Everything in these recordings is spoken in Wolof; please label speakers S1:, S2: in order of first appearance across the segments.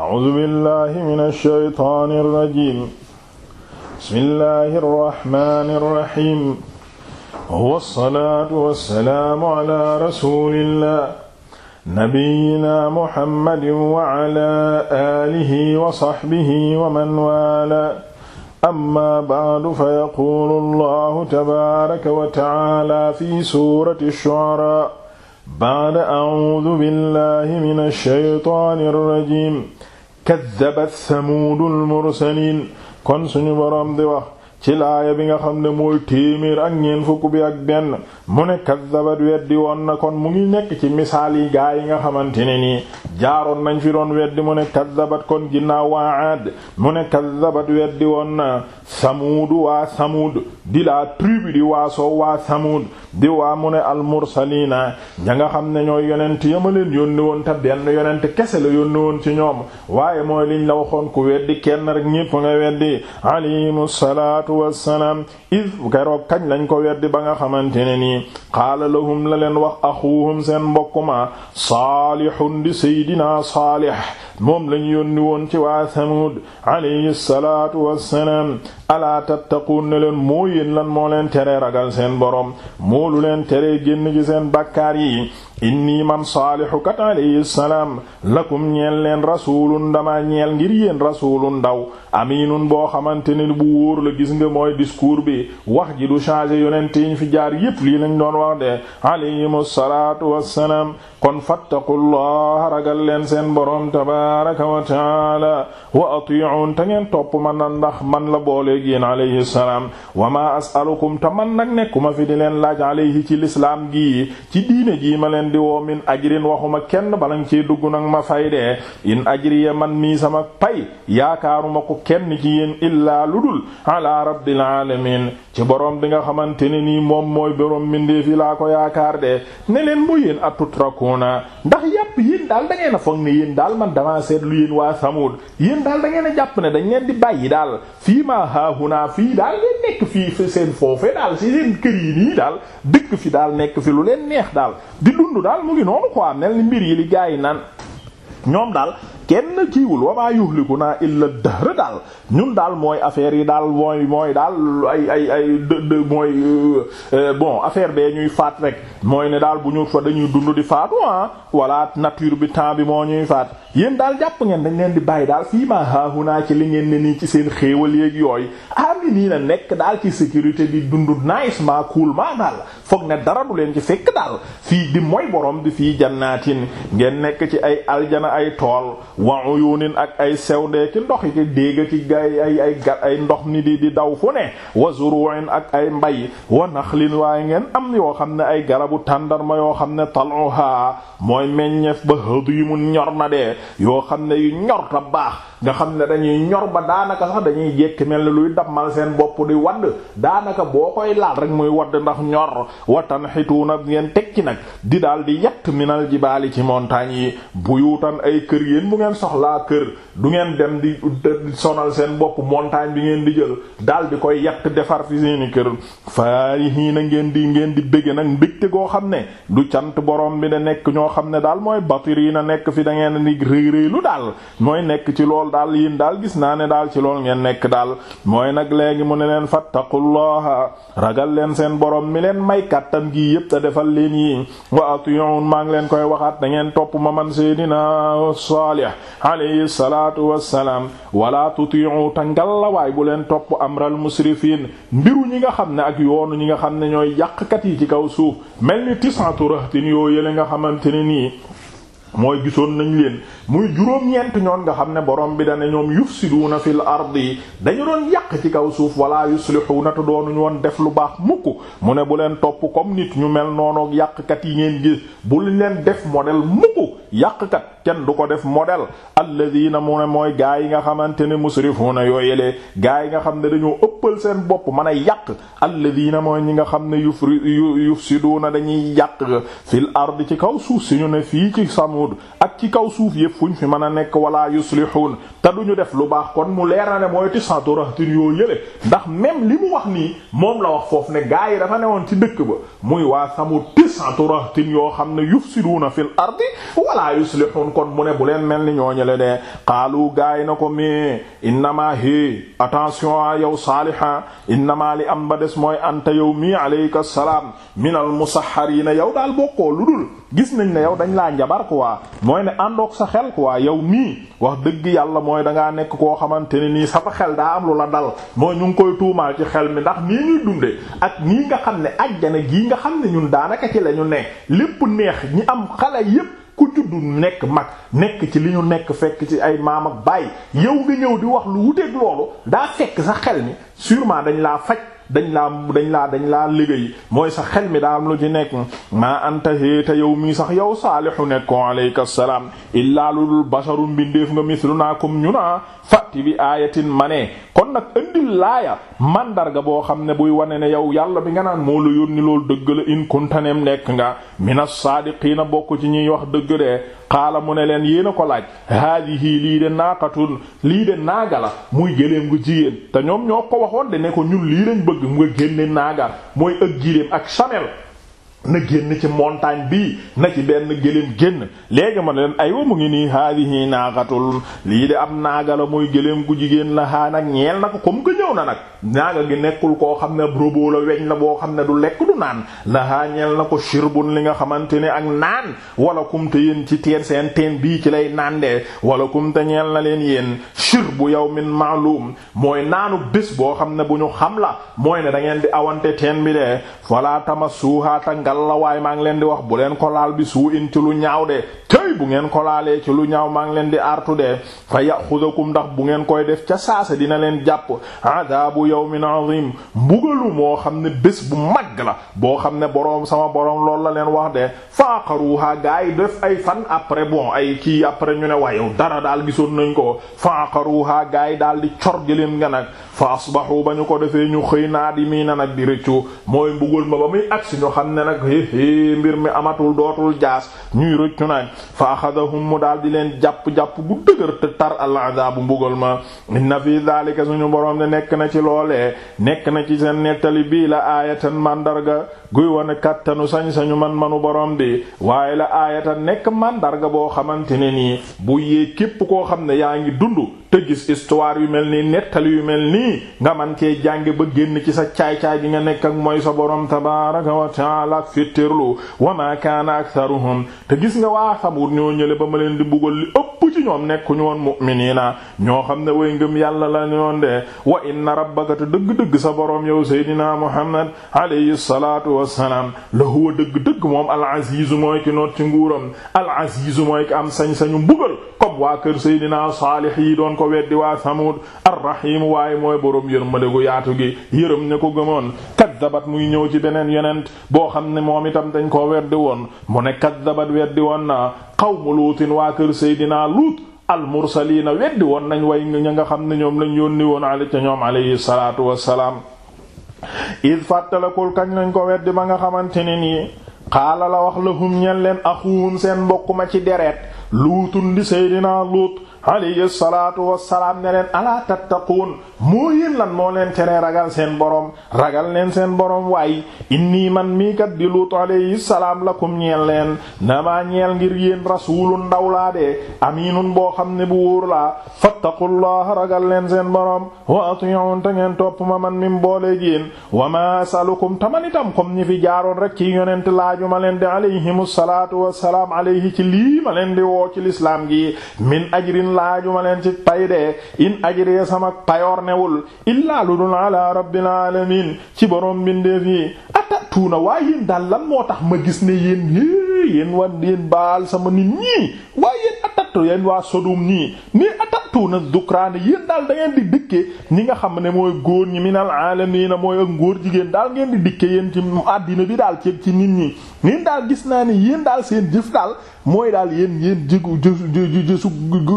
S1: a'uuzu billahi mina shaytaani rajiim bismillahi rahmaani rahiim wassalaatu wassalaamu ala rasuulillah nabiyyina muhammadin wa ala aalihi wa sahbihi wa man waala amma ba'du fa yaquulu allahu tabaaraka wa ta'aala fi suurati ash-shu'araa ba'da a'uuzu billahi mina shaytaani rajiim kaddabat samuudul mursaliin kon suñu boroom di wax ci laaya bi nga xam ne mooy téeméer ak ñeent fukk bi ak benn mu ne kaddabat weddi woon na kon mu ngi nekk ci misaal yi gaa yi nga xamante ne nii jaaroon nañ fi doon weddi mu ne kaddabat kon ginnaaw waa aad mu ne kaddabat weddi woon na samuudu waa samuud di la tribu di waasoo waa samuud di waa mu ne almursaliina ña nga xam ne ñooy yonent yama leen yónni woon te benn yonent kese la yónni woon ci ñoom waaye mooy liñ la waxoon ku weddi kenn rek ñépp salaatu wassalaam iz keroog kañ lañ ko weddi ba nga xamante ne nii qaala lahum la leen wax axuuhum seen mbokk ma saalihun di seydinaa saalih moom lañ yónni woon ci waa Samuud alayhi salaatu wassalaam alaa tattaquun ne leen moo lan moo leen tere ragal seen borom moo lu leen tere génn seen bakkaar yi inni man saalihukat alayhi salaam lakum ñeel leen rasulun dama ñeel ngir yéen rasulun ndaw aminun boo xamante ne bu wóor la gis nga mooy discours bi wax ji du changé yonente yiñ fi jaar yépp lii lañ doon wax de alayhimu salaatu wassalaam kon fa fattaqullaha ragal leen seen boroom tabaraka wa taala wa ati'un te ngeen topp man na ndax man la booleeg yéen alayhi salaam wa ma as'alukum te man nag nekkuma fi di leen laaj alayhi ci lislaam gi ci diine ji ma leen leen di woo min ajrin waxuma kenn balañ cee dugg nag ma fay dee in ajriya man mii sama pay yaakaaruma ko kenn ci yéen illaa lu dul ala rabbil alamin ci boroom bi nga xamante ne nii moom mooy borom mindee fi laa ko yaakaar de ne leen mu yéen atutrakuna ndax yàpp yéen daal da a foog ne yéen daal man damaa seetlu yéen waa Samud yéen daal da ngeen a jàpp ne dañ leen di bàyyi daal fii ma haahuna fii daal ngeen nekk fii seen foofe daal si seen kër yi dëkk fi daal nekk fi lu leen neex daal dund daal mu ngi noonu quoi mel ni mbir yi li gaa yi naan ñoom daal kenn kiiwul wa maa yuhliku naa illa dahr daal ñun daal mooy affaire yi daal mooy mooy daal ay ay ay dë mooy euh, euh, bon affaire bee ñuy faat rek mooy ne daal bu ñu fa dañuy dund di faatu ah walla nature bi temps bi moo ñuy faat. yéen daal jàpp ngeen dañ leen di bàyyi daal fii ma naa ci li ngeen ne nii ci seen xéewal yeeg yooyu ami nii na nekk daal ci sécurité di dundu naisement coolement daal foog ne dara du leen ci fekk daal fii di mooy boroom di fii jannaatin ngeen nekk ci ay aljana ay tool wa uyunin ak ay sewndee ki ndox yi ci dégg ki ay ay ay gat ay ndox ni di di daw fu ne wa zuru'in ak ay mbay wa naxlin waaye ngeen am yoo xam ne ay garabu tàndarma yoo xam ne taluha mooy meññeef ba hadimun ñor na yoo xam ne yu ñor ta baax nga xam ne dañuy ñor ba daanaka sax dañuy jekki mel ni luy dammal seen bopp di wadd daanaka boo koy laal rek muy wadd ndax ñor watan nag ngeen teg ci nag di daal di yatt minal jibaali ci montagnes yi buyuutan ay kër yéen bu ngeen soxlaa kër du ngeen dem di sonal seen bopp montagne bi ngeen di jël daal di koy yatt defar fi seeni kër faarihiina ngeen di ngeen di bëgg nag te koo xam ne du cant borom bi da nekk ñoo xam ne daal mooy na nekk fi da ngeen di lu réylu daal mooy nekk ci lool daal yéen daal gis naa ne daal ci lool ngeen nekk daal mooy nag léegi mu ne leen fattaqullaha ragal leen seen borom mi leen may kàttan gi yépp te defal leen yi wa atiyun maa ngi leen koy waxaat da ngeen topp ma man seydina Salih alayhi salaatu wassalaam wala tuti'u te ngallawaay bu leen topp amral musrifin mbiru ñi nga xam ne ak yoonu ñi nga xam ne ñooy yàqkat yi ci kaw suuf mel ni tisantu rahtin yoo yële nga xamante ne nii mooy gisoon nañ leen muy juróom-ñeent ñoon nga xam ne borom bi dane ñoom yufsiduuna fil ardi dañu doon yàq ci kaw suuf wala yuslihuuna te doonuñu woon def lu baax mukk mu ne bu leen topp comme nit ñu mel noonu kat yi ngeen gis bu leen def modèle mukk yàqkat kenn du ko def modèle alladina mu ne mooy gaa yi nga xamante ne yooy yooyelee gaa yi nga xam ne dañoo ëppal seen bopp mën a yàq na mooy ñi nga xam ne yufri yufsiduuna dañuy yàq fil ardi ci kaw suuf si ci sam yamuud ak ci kaw suuf yëpp fuñ fi mën a nekk wala yuslihun te duñu def lu baax kon mu leer na ne mooy tisatu rahtin yoo yële ndax même li mu wax nii moom la wax foofu ne gaa yi dafa woon ci dëkk ba muy waa samut tisatu rahtin yoo xam ne yufsiduna fil ardi wala yuslihun kon mu ne bu leen mel ni ñooñale de xaalu gaa yi na ko mais innama hé attention a yow saaliha innama li am ba des mooy anta yow mi alayka salaam minal musahharina yow daal bokkoo lu dul gis nañ ne yow dañ laa njabar quoi mooy ne àndoog sa xel quoi yow mii wax dëgg yàlla mooy dangaa nekk koo xamante ne nii sama xel daa am lu la dal mooy ñu ngi koy tuumaal ci xel mi ndax nii ñuy dunde ak nii nga xam ne ajjana gii nga xam ne ñun daanaka ci lañu ñu ne lépp neex ñi am xale yépp ku juddu nekk mag nekk ci li ñu nekk fekk ci ay maam ak baay yow nga ñëw di wax lu wuteeg loolu daa fekk sa xel mi sûrement dañ laa faj dañ laa dañ laa dañ laa liggéey mooy sax xel mi daa am lu ci nekk maa antahi te yow mii sax yow saalihu nekkoon alayka salaam illaa ludul basharu mbindeef nga mislunaa comme ñu naa fatti bi aayatin manee kon nag indil laaya mandarga boo xam ne buy wane ne yow yàlla bi nga naan moo la yónni loolu dëgg la in kuntaneem nekk nga mina saadiqiina bokk ci ñuy wax dëgg de xaala mu ne leen yéen a ko laaj haadihi lii de naaqatun lii de naaga la muy géléem gu jigéen te ñoom ñoo ko waxoon de ne ko ñun lii lañ bëgg mu nga génne naaga mooy ëg giléem ak chamelle na génn ci montagne bi na ci benn gëléem génn léegi ma leen aywa mu ngi nii haadihi naaqatul lii de am naaga la muy gëléem gu jigéen la haa nag ñeel na ko comme que na nag naaga gi nekkul koo xam ne robot la weñ la boo xam ne du lekk du naan la haa ñeel na li nga xamante ne ak naan wala kumte yéen ci teen seen teen bii ci lay naan de wala kumte ñeel na leen bu yow yawmin ma'lum mooy naanu bés boo xam ne bu ñu xam la mooy ne da ngeen di awante teen bi de wala tamassuha kalla waay maa ngi leen di wax bu leen ko laal bi suu in ci ñaaw de bu ngeen ko laalee ci lu ñaaw maa ngi leen di artu de fa yaxudakum ndax bu ngeen koy def ca saasa dina leen jàpp adabu yawmin azim mbugalu moo xam ne bés bu mag la boo xam ne boroom sama boroom loolu la leen wax de faaqaruha gaa yi def ay fan après bon ay kii après ñu ne waayow dara daal gisoon nañ ko faaqaruha gaa yi daal di cor gëléem nga nag fa asbahu ba ñu ko defee ñu xëy naa di mii na nag di rëccu mooy mbugal ma ba muy agsi ñu xam ne nag hé hé mbir mi amatul dootul jaas ñuy fa axadahum mu daal di leen jàpp jàpp bu dëgër te tar al adaabu mbugal ma na fi daalika suñu boroom ne nekk na ci loole nekk na ci seen nettali bii la aayatan mandarga guy wane kattanu sañ-sañu man-manu borom bi waaye la aayatan nekk màndarga boo xamante ne nii bu yee képp koo xam ne yaa ngi dund te gis histoire yu mel nii nettali yu mel nii nga man cee jànge ba génn ci sa caay-caay gi nga nekk ak mooy sa borom tabaraka wa taala ak fittirlu wa ma kaana aktharuhum te gis nga waa Samud ñoo ñële ba ma leen di buggal li ëpp ci ñoom nekkuñu woon mu'miniina ñoo xam ne way ngëm yàlla la ñoon de wa inna rabbaka te dëgg-dëgg sa boroom yow seydinaa muhammad alayhi salaatu wassalaam la huwa dëgg-dëgg moom al aziizu mooy ki noot ci nguuram al aziizu mooy ki am sañ-sañu mbugal keroog waa kër Seydina Saalih yi doon ko weddi waa Samud ar-Rahim waaye mooy borom yërmande gu yaatu gi yërëm ne ko gëmoon kaddabat muy ñëw ci beneen yonent boo xam ne moom itam dañ koo weddi woon mu ne kaddabat weddi woon na qawmu Luutin waa kër Seydina Luut al mursaliina weddi woon nañ way ña nga xam ne ñoom lañ yónni woon ale ca ñoom alayhi wassalaam id fàttalakul kañ lañ ko weddi ba nga xamante ne nii xaala la wax ñeen leen axuhum seen mbokk ma ci deret luutun di seydinaa luut alayhi salaatu wassalaam ne leen alaa tattaquun moo yéen lan moo leen tere ragal seen borom ragal leen seen borom waay inni man mii kat di luut alayhi salaam lakum ñeel leen namaa ñeel ngir yéen rasuulun ndaw laa de amiinun boo xam ne bu la laa fattaqullaha ragal leen seen borom wa ati'un te ngeen topp ma man min boole yéen wa ma salukum taman itam comme ñi fi jaaroon rek ci yonent laaju ma leen di alayhimu salaatu wassalaam alayhi ci lii woo ci lislaam gi min ajrin laaju ma leen ci pay dee in ajree sama payoor newul illaa lu dul ala rabbil alamin ci boroom bindeef yi tuuna waaye yéen daal lan moo tax ma gis ne yéen yéen wan yéen baal sama nit ñii waaye yéen atat yéen waa Sodom nii mais atat tuuna dukraane yéen daal da ngeen di dikkee ñi nga xam ne mooy góor ñi minal na mooy ak ngóor jigéen daal ngeen di dikkee yéen ci àddina bi daal ci nit ñi ñun daal gis naa ne yéen daal seen jëf daal mooy daal yéen yéen jëgu jësu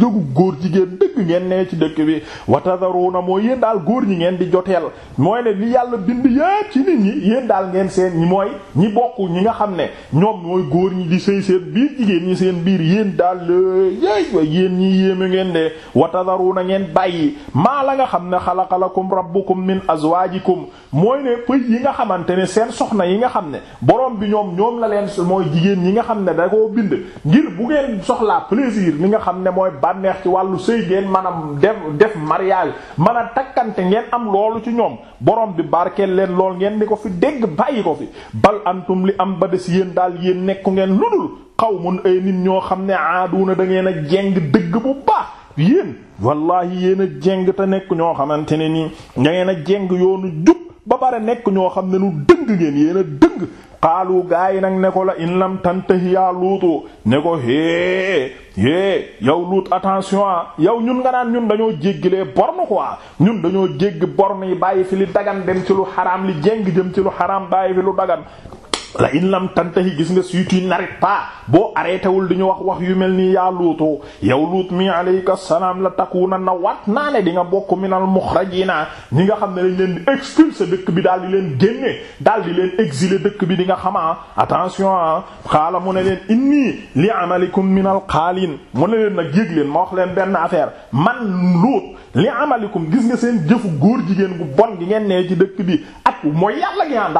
S1: jëgu góor jigéen dëgg ngeen nee ci dëkk bi watadaruuna mooy yéen daal góor ñi ngeen di joteel mooy ne li yàlla bind yépp ci nit ñi yéen daal ngeen seen ñi mooy ñi bokk ñi nga xam ne ñoom mooy góor ñi di sëy seen biir jigéen ñi seen biir yéen daal yéy yéen ñi yéeme ngeen de wa na ngeen bàyyi maa la nga xam ne xalaqa lakum rabbukum min azwaajikum mooy ne pëy yi nga xamante ne seen soxna yi nga xam ne borom bi ñoom ñoom la leen mooy jigéen ñi nga xam ne da koo bind ngir bu ngeen soxlaa plaisir li nga xam ne mooy bànneex ci wàllu sëy ngeen mën a def def mariage mën a takkante ngeen am loolu ci ñoom borom bi barkeel leen lool ngeen di ko fi dégg bàyyi ko fi bal antum li am ba des yéen daal yéen nekku ngeen ludul xaw mun nit ñoo xam ne aaduna da ngeen a jeng dëgg bu yéen wallahi yéen a jeng te nekk ñoo xamante ne nii ña ngeen a jeng yoonu jub ba bare nekk ñoo xam ne nu dëng ngeen yéen a dëng xaalu gaa yi nag ne ko la in lam tantahi yaa luutu ne ko hee hee yow luut attention ah yow ñun nga naan ñun dañoo jéggilee borne quoi ñun dañoo jéggi borne yi bàyyi fi li dagan dem ci lu xaraam li jéng jëm ci lu xaraam bàyyi fi lu dagan la in lam tantahi gis nga suitu narit pas boo arrêtéwul di ñu wax wax yu mel nii yaa luutoo yow luut mi alayka salaam la takuna na wat naa ne di nga bokk minal muxrajina ñi nga xam ne dañ leen di expulser dëkk bi daal di leen génne daal di leen exiler dëkk bi di nga xamaa ah, attention ah xaala mu ne leen inni li amalikum minal xaalin mu ne leen nag yëg leen ma wax leen benn affaire man luut li amalikum gis nga seen jëfu góor jigéen gu bon gi ngeen nee ci dëkk bi ak mooy yàlla gi ah,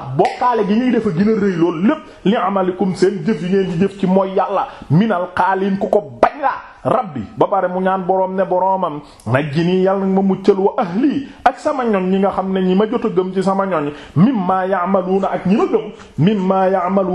S1: firi loolu lépp li amalikum seen jëf yi ngeen di jëf ci mooy yàlla minal xaaliin ku ko bañ laa rabbi ba pare mu ñaan boroom ne boroomam nii yàlla nag ma muccal wa ahli ak sama ñoñ ñi nga xam ne ñi ma jot a gëm ci sama ñoñ mimma na ak ñi ma gëm mimma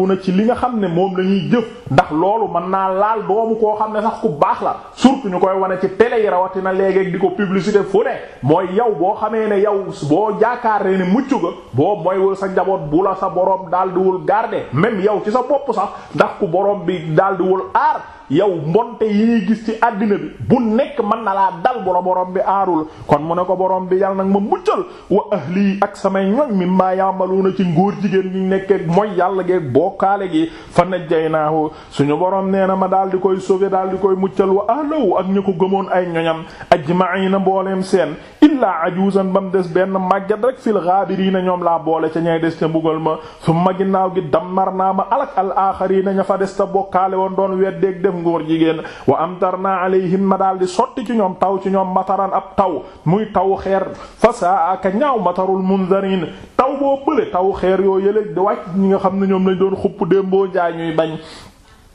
S1: na ci li nga xam ne moom la ñuy jëf ndax loolu mën naa laal doomu koo xam ne sax ku baax la surtout ñu koy wane ci télé yi rawatina léegi di ko publicité fu ne mooy yow boo xamee ne yow boo jaakaaree ne mucc ga boo moywul sa njaboot bu la sa boroom daal diwul garder même yow ci sa bopp sax ndax ku boroom bi daal aar yow mbonte yi ñuy gis ci àddina bi bu nekk mën na laa dal bu la borom bi aarul kon mu ne ko borom bi yàlla nag ma muccal wa ahli ak samay ñoñ mi maa na ci ngóor jigéen ñi nekkeek mooy yàlla geeg bokkaale gi fa najjaynaahu suñu borom nee na ma daal di koy sauver daal di koy muccal wa ahlahu ak ñu ko gëmoon ay ñoñam ajma'ina mbooleem seen illaa ajuuzan ba mu des benn màggat rek fil ghaabiriina ñoom laa boole ca ñay des ca mbugal ma summa ginnaaw gi dammar naa ma alak al aaxariina ña fa des ta bokkaale woon doon weddeeg ngóor jigéen wa amtarna alayhim ma daal di sotti ci ñoom taw ci ñoom mataran ab taw muy taw xeer fa saa aka ñaaw matarul munzarin taw boo bële taw xeer yoo yële di wàcc ñi nga xam ne ñoom lañ doon xupp démboo jaay ñuy bañ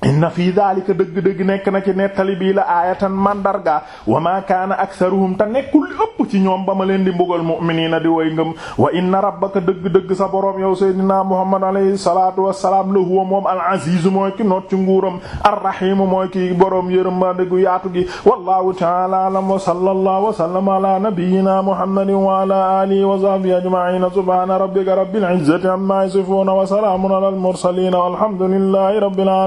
S1: inna fi daalika dëgg-dëgg nekk na ci nettali bii la aayatan mandarga wa maa kaana aksaruhum te nekkul ëpp ci ñoom ba ma leen di mbugal mu'miniina di way ngëm wa inna rabbaka dëgg-dëgg sa borom yow seydinaa muhammad alayhi salaatu wassalaam la huwa moom al aziizu mooy ki noot ci nguuram ar rahiimu mooy ki borom yërmande gu yaatu gi wallahu ta'ala a'lam wa sallallahu wa sallama ala nabiyyina muhammadin wa ala alihi wa sahbihi ajma'in subhana rabbika rabbil izzati amma yasifun wa salamun alal mursalin walhamdulillahi rabbil alamin